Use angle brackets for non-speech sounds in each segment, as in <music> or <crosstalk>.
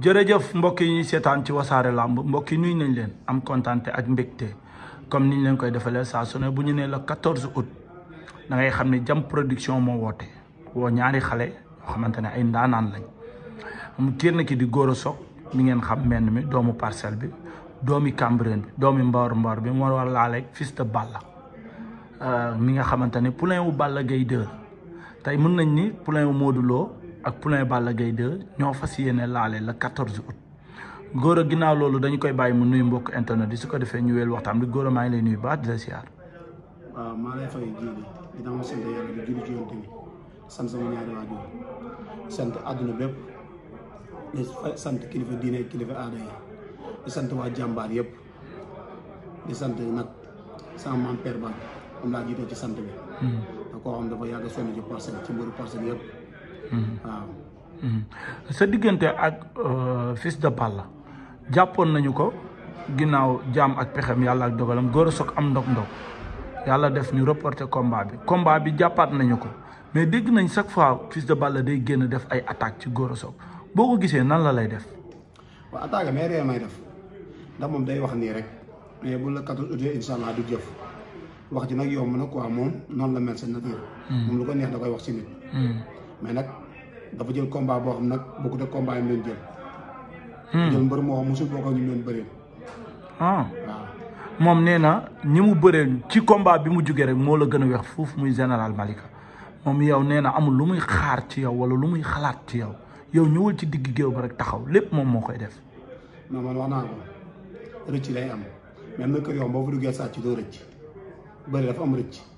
jërëjëf mbokk yi ñuy seetaan ci wasaare làmb mbokk yi nuyu nañ leen am kontaan ak mbégte comme niñ leen koy defalee saa su ne bu ñu nee la quatorze août da ngay xam ne jam production moo woote woo ñaari xale yoo xamante ne ay ndaanaan lañ mu kenn ki di Gora Sock mi ngeen xam menn mi doomu parcelle bi doomi Cambérène bi doomi Mbawar Mbawar bi moo war laaleeg fils de Balla euh, mi nga xamante ne poulain wu Balla Gaye 2 tey mën nañ ni poulain wu Modou Lo ak poulain Balla Gaye 2 ñoo fas yéene laale la 14 août góor a ginnaaw loolu dañu koy bàyyi mu nuyu mbokk internet di su ko defee ñu weel waxtaan bi góor a maa ngi lay nuyu baax di la siyaar. waaw maa lay fay jiibi sant yàlla di julli sant sama ñaari waajur sant àdduna bépp di sant kilifa diine kilifa aada yi di sant waa jàmbaar yëpp di sant nag sama maam père sant bi. da hmm. koo xam dafa yàgg sonn ci parcelle ci mbiru parcelle yëpp. waaw. sa diggante ak euh, fils de Balla jàppoon nañu ko ginnaaw jaam ak pexem yàlla ak dogalam góor a soog am ndog ndog yàlla def ñu reporté combat bi combat bi jàppaat nañu ko mais dégg nañ chaque fois fils de Balla day génn def ay attaque ci góor a boo ko gisee nan la lay def. waa attaque mais ree may def ndax moom day wax nii rek mais bu la 14 août incha du jëf wax ji nag yomb na quoi moom noonu la mel seen nature. Hmm. moom lu ko neex da koy wax si nit. Hmm. dafa jël combat boo xam nag bokkut combat yi mu jël. Hmm. moo xam mosul bokk ak ñu leen bëreel. ah waaw. moom nee na ñi mu bëreel ci combat bi mu jugee rek moo la gën a weex foofu muy général Malika moom yow nee na amul lu muy xaar ci yow wala lu muy xalaat ci yow yow ñëwul ci digg géew ba rek taxaw lépp moom moo koy def. non man wax naa ko rëcc lay am même na kër yow boo fa duggee ci doo rëcc bëri dafa am rëcc.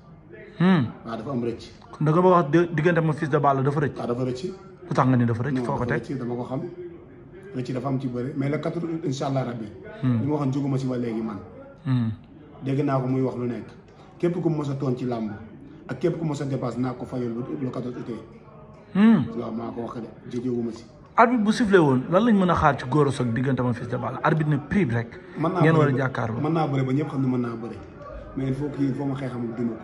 Hmm. waaw dafa am rëcc. kon da nga wax diggante ma fils de Balla dafa rëcc. waaw dafa rëcc. ku tax nga ni dafa rëcc foo ko teg dama ko xam rëcc dafa am ci bëri mais le quatre août incha allah rabbi. Hmm. li ma waxoon juguma si ba léegi man. Hmm. naa ko muy wax lu nekk képp ku mos a toon ci làmb ak képp ku mos a dépasse naa ko fayal le quatre août tey. waaw maa ko wax de juguma si. arbitre bu sifflé woon lan mën a xaar ci Gora Sock diggante ma fils de Balla arbitre ne prix rek. naa bëri ngeen war a jàkkaarloo. mën naa bëri ba ñëpp xam ne mën naa bëri mais il faut que il faut ma xeexam duma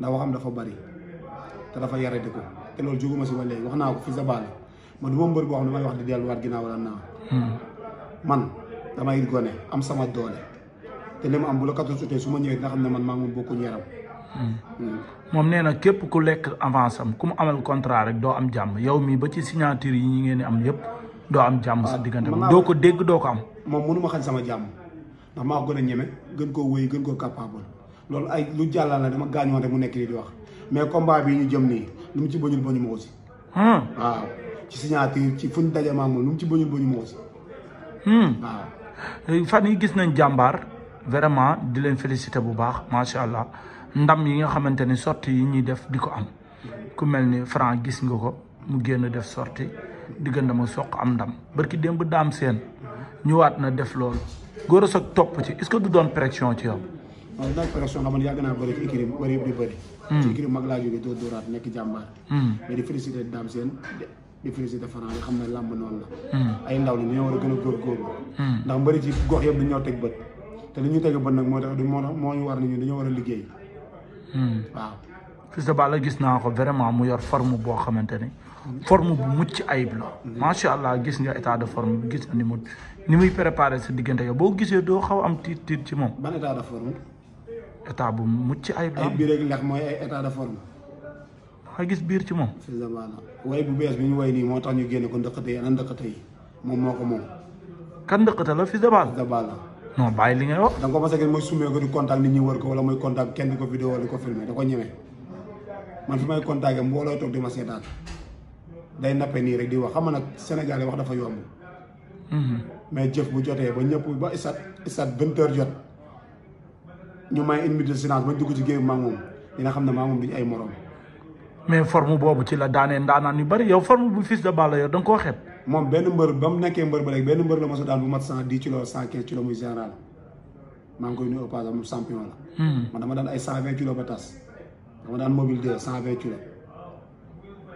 ndax waxam dafa bari te dafa yare ko te loolu jóguma si ba wax naa ko fi zabal man du ma mbër damay wax di delluwaat ginnaaw naa hmm. man damay gone am sama doole te li ma am bu la kattan su ma ñëwee dina xam ne man maa ngi moom bokkuñ yaram hmm. Hmm. moom nee na képp ku lekk avance am ku mu amal contrat rek doo am jàmm yow mii ba ci signature yi ñi ngeen di am yépp doo am jàmm sa ah, diggante doo ko dégg doo ko am moom mënu ma xañ sama jàmm ndax maa gën a ñeme gën koo wéy gën koo capable loolu ay lu jàllal la dama gaañoon rek mu nekk nii di wax mais combat bii ñu jëm nii lu mu ci bañul bañu ma aussi. Hmm. waaw ci signature ci fuñ daje maa moom ci bañul bañu ma aussi. Hmm. Eh, fan yi gis nañ jàmbaar vraiment di leen féliciter bu baax macha allah ndam yi nga xamante ni sortie yi ñuy def di ko am ku mel ni Franc gis nga ko mu génn def sortie diggante ma soq am ndam barki démb daam seen ñëwaat na def loolu góor a topp ci est-ce que du doon pression ci yow. waaw dinaa pression xam nga yàgg naa bëri ci écurie bi bëri yëpp di hmm. mag laa jógee doo dóoraat nekk jàmbaar. Hmm. mais di félicité Dame Sène di félicité Franc di xam ne làmb noon la. Hmm. ay ndaw la dañoo war a gën a góorgóorlu. ndax mbëri ci gox yëpp dañoo teg bët. te li ñu teg bët nag moo tax moo tax moo ñu war nañu dañoo war a liggéey. waaw. Fils de Balla gis naa ko vraiment mu yor forme boo xamante ni. forme bu mucc ayib la. macha allah gis nga état de forme bi gis nga ni mu ni muy sa diggante yow boo gisee doo xaw am tiit ci moom. ban état de état bu mucc ayib la biir rek ndax mooy ay état de forme. nga gis biir ci moom. fi zamana way bu bees bi ñu way nii moo tax ñu génne ko ndëkkate yi ana ndëkkate yi moom moo ko moom. kan ndëkkate la fi zabana. zabana. non bàyyi li nga wax. da nga ko mos a gis mooy sumee ko di contact nit ñi wër ko wala mooy contact kenn di ko vidéo wala di ko filmé da ko ñeme man fi may contacté mbooloo toog di ma seetaan day nappe nii rek di wax xam nga nag Sénégal yi wax dafa yomb. Mhm. mais jëf bu jotee ba ñëpp ba isat isat vingt heures jot. ñu may une minute de silence ba dugg ci géew maa moom dina xam ne maa moom duñu ay morom. mais form boobu ci la daanee ndaanaan yu bëri yow forme bu Fils de Balla yor da koo xeeb. moom benn mbër ba mu nekkee mbër ba léegi benn mbër la mos a daan bu mat cent dix kilos cent quinze muy général maa ngi koy nuyu au passage moom champion la. Hmm. man dama daan ay cent vingt kilos ba tas dama daan mobile deux cent vingt kilos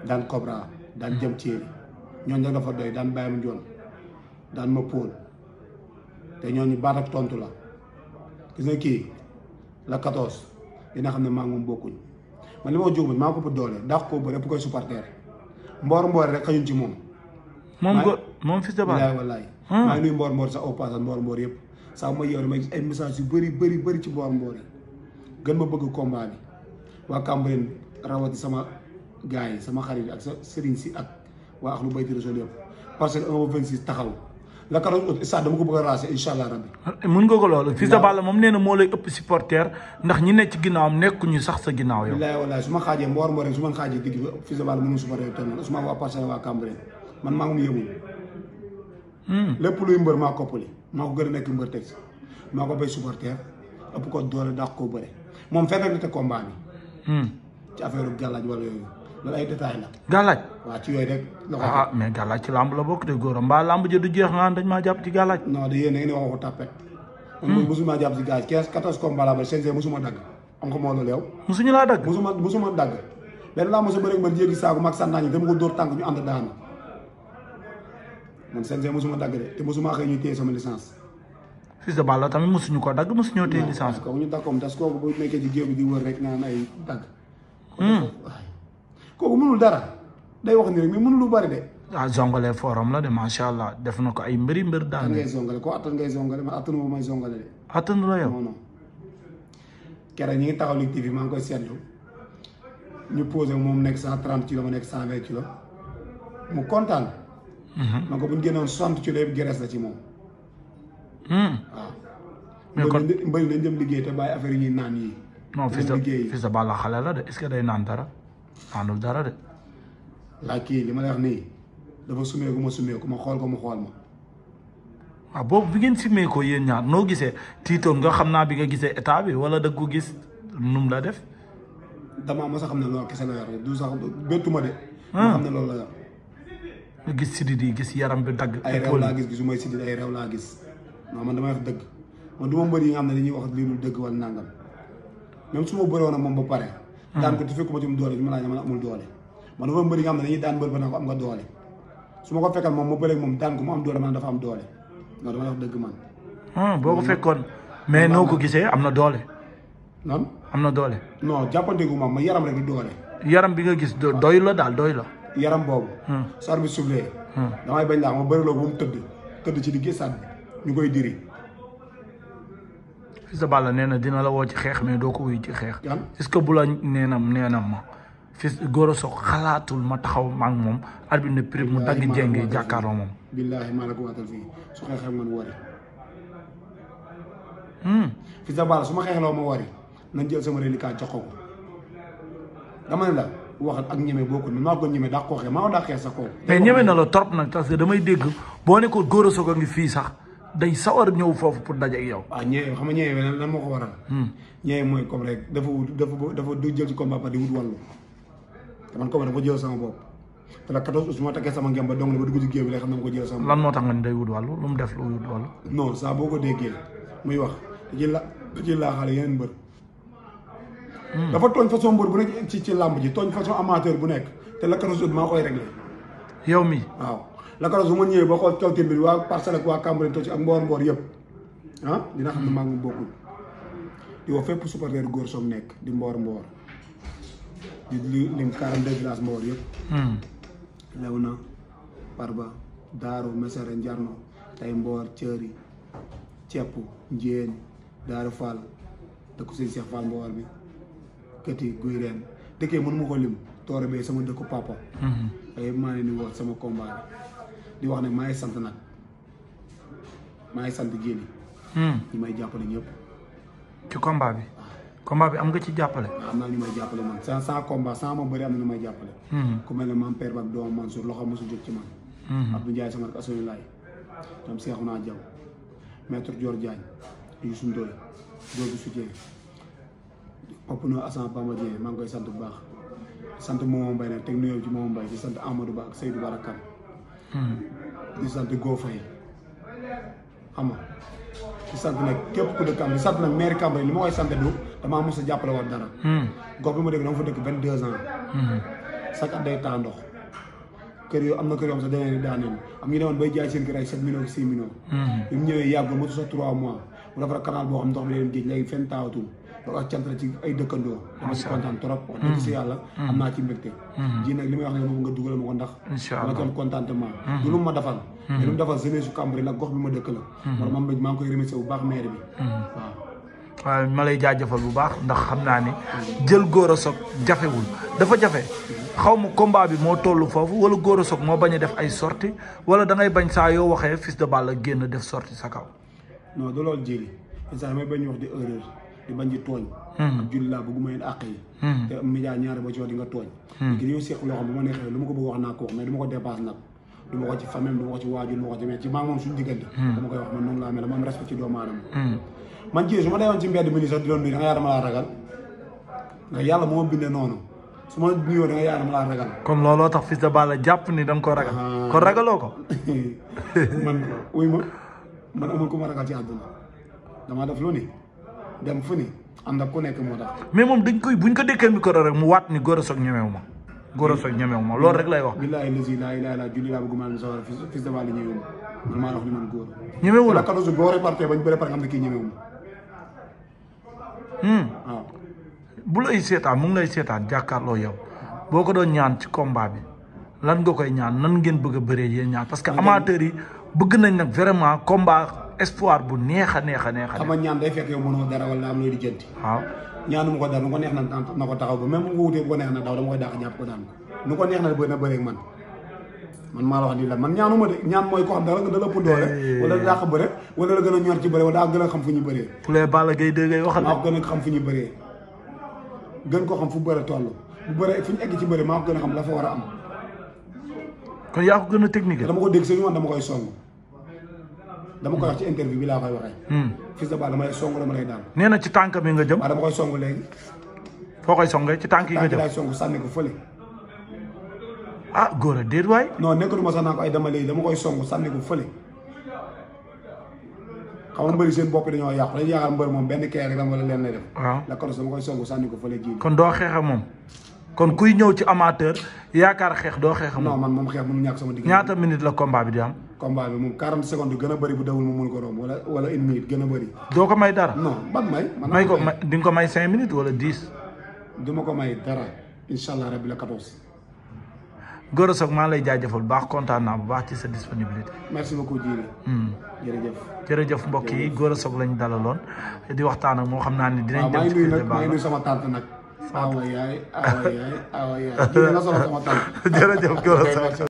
daan Cobra daan hmm. jëm Thierry ñooñu dafa daan Baye Mandione daan ma Paul te ñooñu baat ak tontu la gis nga la 14 dina xam ne maa ngi bokkuñ man li ma juumul maa ko ëpp doole dàq ko bëre bu koy supporter mboor mboor rek xañuñ ci moom. moom go moom Fils de Balla. wallaay wallaay. Ah. maa ngi nuyu mboor mboor sax au yëpp saa ma yeewoo damay ay messages yu bëri bëri bëri ci mboor mboor yi gën ma bëgg combat bi waa Cambérène rawati sama gars yi sama xarit ak sa sëriñ si ak waa lu Bayti Rassoul yëpp parce que 1 ba 26 taxaw. la ko doon ut stade dama ko bëgg a raser incha allah rabbi. mën nga ko loolu. Fils de Balla moom nee na moo lay ëpp supporter ndax ñi ne ci ginnaawam nekkuñu sax sa ginnaaw yow. bilaay walaay su ma xaajee mboor mboor rek su ma xaajee digg bi Fils de Balla mënu supporter toll su ma waa Parcelles waa Cambérène man maa ngi mu yëngu. Hmm. lépp luy mbër maa koppali maa ko gën a nekk mbër teg maa ko béy supporter ëpp ko doole dàq ko bëre moom fekk rek te combat bi. Hmm. ci affaire gàllaaj wala yooyu loolu ay détails la. gàllaaj waaw ci yooyu rek. Ah, ah mais gàllaaj ci làmb la bokk te góor am mbaa làmb ji du jeex nga dañ maa jàpp ci gàllaaj. non de yéen da ngeen di wax ko tàppet. man hmm. mosuma jàpp ci gàllaaj 15 14 combats la ba CNG mosuma dagg. am ko moo loolu yow. mosuñu laa dagg mosuma mosuma dagg. benn laa mos a bëri man jéegi saako mag sànnaa ñi dama ko dóor tànk ñu ànd daanu man CNG mosuma dagg de te mosuma xëy ñu téye sama licence. Fils de Balla tamit mosuñu ko dagg mosuñoo téye licence. waaw kooku ñu dagg ko tas kooku bu nekkee ci géew bi di wër rek naan ay dagg. Hmm. kooku mënul dara day wax ni rek mais mënul lu bari de. ah zongale forum la de macha allah def na ko ay mbëri mbër daan ngay zongale ko attan ngay zongale man attanu ma may zongale de. attanu la yow ngi taxaw Lutte TV maa ngi koy seetlu ñu posé moom nekk cent trente kilos ma nekk cent vingt kilos mu kontaan. Mhm. ma ko bu ñu génnoon soixante kilos yëpp gerees la ci moom. Hmm. waaw. mais kon mbëri nañ dem liggéey te bàyyi affaire yi ñuy naan yi. non fii sa fii xale la de est-ce day naan dara. àndul dara de. laa kii li ma lay wax nii dafa sumeeku ma sumeeku ma xool ko ma xool ma. waaw boobu bi ngeen simee ko yéen ñaar noo gisee tiitoon nga xam naa bi nga gisee état bi wala da ko gis num la def. damaa mos a xam ne loolu du sax bëttu ma de. Ah. ma xam gis yaram bi dagg. ay rew laa gis gisuma sidit ay rew laa gis non man damay wax dëgg man du ma mbër yi nga xam ne dañuy wax lii lu dëgg wala nangam même su ma bëroon ak moom ba pare. daan hmm. ko te fekkuma ci mu doole bi ma naa man amul doole man dafa mbëri nga xam ne dañuy daan ba naa ko doole su ma ko fekkal moom ma bëreeg moom daan ko mu am doole man dafa am doole loolu dama wax dëgg man hmm, boo ko hmm. fekkoon mais noo ko gisee am na doole non am na doole non jàppante gu ma ma yaram rek di doole yaram bi nga gis ah. doy la daal doy la yaram boobu sar bi suuflee damay bañ laa ma bari loo bu mu tëdd ci digg sat ñu koy diri Fils de nee na dina la woo ci xeex mais doo ko wuyu ci xeex. est-ce que bu la neenam neenam ma. Fils Gora Sock xalaatul ma taxaw ma moom arbitre ne mu dagg jénge jàkkaaroo moom. billaahi la ko su xeexee man wari. Hmm. Fils su ma xeexloo ma wari nañ jël sama reliquat jox ko dama ne la waxal ak ñeme bokkul maa ko ñeme daa ko xeex maa ko daa xeex sa kaw. mais ñeme na la trop nag parce damay dégg boo nekkoon Gora a ngi fii sax. day sawar ñëw foofu pour daje ak yow. waaw ah, ñëwee xam nga ñëwee moo ko waral. Hmm. ñëwee mooy comme rek dafa wut dafa dafa du jël ci combat ba di wut wàllu te man comme dafa jël sama bopp te la 14 août su ma sama ngem ba dong dugg ci xam ne ma ko jël sama. moo tax nga ni day wut wàllu lu def lu wut wàllu. non boo ko déggee muy wax ci la ci laa xale dafa tooñ façon mbër bu nekk ci ci làmb ji tooñ façon amateur bu nekk te la 14 août maa koy réglé. yow mi waaw. la ko ma ñëwee ba xool cawtir bi waa parcelle ak waa Cambérène Tocci ak mboor mboor yëpp ah, dina xam ne maa ngi bokkul di woo fépp góor soog nekk di mboor mboor di lim 42 yëpp hmm. lew na Parba Daaru Mesere Njarno tay mboor Cëri Cepp Njéen Daaru Fall dëkku sëñ Cheikh Fall mboor bi këti guy reen dëkkee mënu ma ko lim toore bee sama dëkku papa ay hmm. maa woot sama combat di a ne maa ngi sant nag maa sant Diéli. Hmm. ñi may jàppale ñëpp. ci combat bi. combat bi am nga ci jàppale. Ah, man sans sans combat sans ma bëri am na ñu may jàppale. Hmm. ku mel ne maam père bak doomam Mansour loxo mosu jóg ci man. Hmm. Abdou Ndiaye sama asoli laay ñoom Seexu naa Jaw maître Dior Diagne Youssou Ndoye Dodo Soutien Papino Assane Bamba Dieng maa ngi koy sant bu baax sant Momo Mbaye nag teg nuyoo ci Momo Mbaye di sant Amadou Ba ak Seydou Barakane. Hmm. di sant Go Faye xam nga di sant nag képp ku dëkk Cambérène di sant nag maire li koy sant du damaa jàppale woon dara. Hmm. gox bi ma dëkk dama fa dëkk vingt deux ans. sa hmm. at day taa ndox. kër yoo am na kër yoo xam sax danañ am ñu demoon bay jaay seen kër ay sept millions ak six bi ñëwee yàggul motu trois mois mu defar canal boo xam ndox mi leen géej léegi fenn taawatul. ak cant la ci ay dëkkandoo dama ci kontaan hmm. si yàlla hmm. am naa ci mbégte hmm. ji nag li may wax ne moom nga dugal ma ko ndax dama ci am contentement du lu ma defal mais lu mu defal jeunesse su Cambérène la gox ma dëkk la war ma mbég maa ngi bu baax maire bi waaw waaw ma lay jaajafal bu baax ndax xam naa ne jël góor a Sock jafewul dafa jafe xaw ma combat bi moo toll foofu wala a Sock moo bañ a def ay sorti wala da ngay bañ saa yoo waxee Fils de Balla génn def sorti sa kaw non du loolu jëli instant may bañ wax di erreur di bañ di tooñ hmm. ak julli laa bëgguma yéen àq yi hmm. te média ñaari ba ci hmm. ma neexee lu ma ko bëgg wax naa ko ma ko ko ci famille du ma ko ci waajur du ma ko ci mais ci maa moom suñu diggante dama koy wax man noonu laa mel ma am respect tax Fils de Balla jàpp ni da ko ragal ah. kon ragaloo ko <laughs> man uy ma man amul ku ma ragal ci àdduna damaa def lu ne dem fu ni ànd ak ku nekk moo tax. mais moom dañ koy buñ ko dékkee micro rek mu waat ni Gora Sock ñemewu ma. loolu rek lay wax. laa wax ni man góor. ñemewu la katosu boo réparté bañ bëre par xam ne hmm. bu lay seetaan mu ngi lay seetaan jàkkaarloo yow boo ko doon ñaan ci combat bi lan nga koy ñaan nan ngeen bëgg a bëree yéen ñaan parce que amateurs yi bëgg nañ nag vraiment combat. espoir bu neex a neex a neex a. xam nga ñaan day fekk yow mënoo dara wala am looy lijjanti. waaw ñaanu ko dara nu ko neex na na ko taxaw ba même bu wutee bu ko neex na daw dama koy dàq ñàpp ko man. maa wax nii la man ñaanuma de ñaan mooy ko xam dara da la ëpp doole wala da dàq bëre gën ñor ci bëre wala daa gën a xam fu ñu bëree poulet Balla Gaye dëgg ngay waxal maa ko gën a xam fu ñu bëree ko xam fu bëre toll bu bëre fu ci bëre maa gën a xam la fa war a am kon yaa gën a technique dama ko dégg sañu man dama koy song dama koy wax ci interview bi laa koy waxee. Hmm. Fils de Balla dama lay song dama lay daan. nee na ci tànk bi nga jëm. waaw dama koy song léegi. foo koy ci tànk yi nga jëm tànk laay ah, góor a déet waay. non nekkul ma sax ay dama léegi dama koy song sànni ko fële. xam nga mbëri seen bopp dañoo yàqu dañuy yaakaar mbër moom benn kee rek dama la leen lay ko dama koy song ji. kon doo xeex ak moom. kon kuy ñëw ci amateur yaakaar xeex doo xeex ak moom. non man moom xeex mënu ñàkk sama digg. ñaata minute la combat bi di am. combat bi moom 40 secondes gën a bëri bu dawul mu mun ko romb wala wala une gën a bëri. doo ko may dara. non ban may. may ko may di nga ko may 5 minutes wala 10. du ma ko may dara incha allah rabi la 14. Gora Sock maa lay jaajëfal bu baax kontaan naa bu baax ci sa disponibilité. merci beaucoup Diéli. Hmm. jërëjëf. jërëjëf mbokk a Gora Sock lañ dalaloon di waxtaan ak moo xam naa ne dinañ. dem ci kër maa ngi nuyu sama tante nag. awa yaay awa yaay a yaay. <laughs> jërëjëf Gora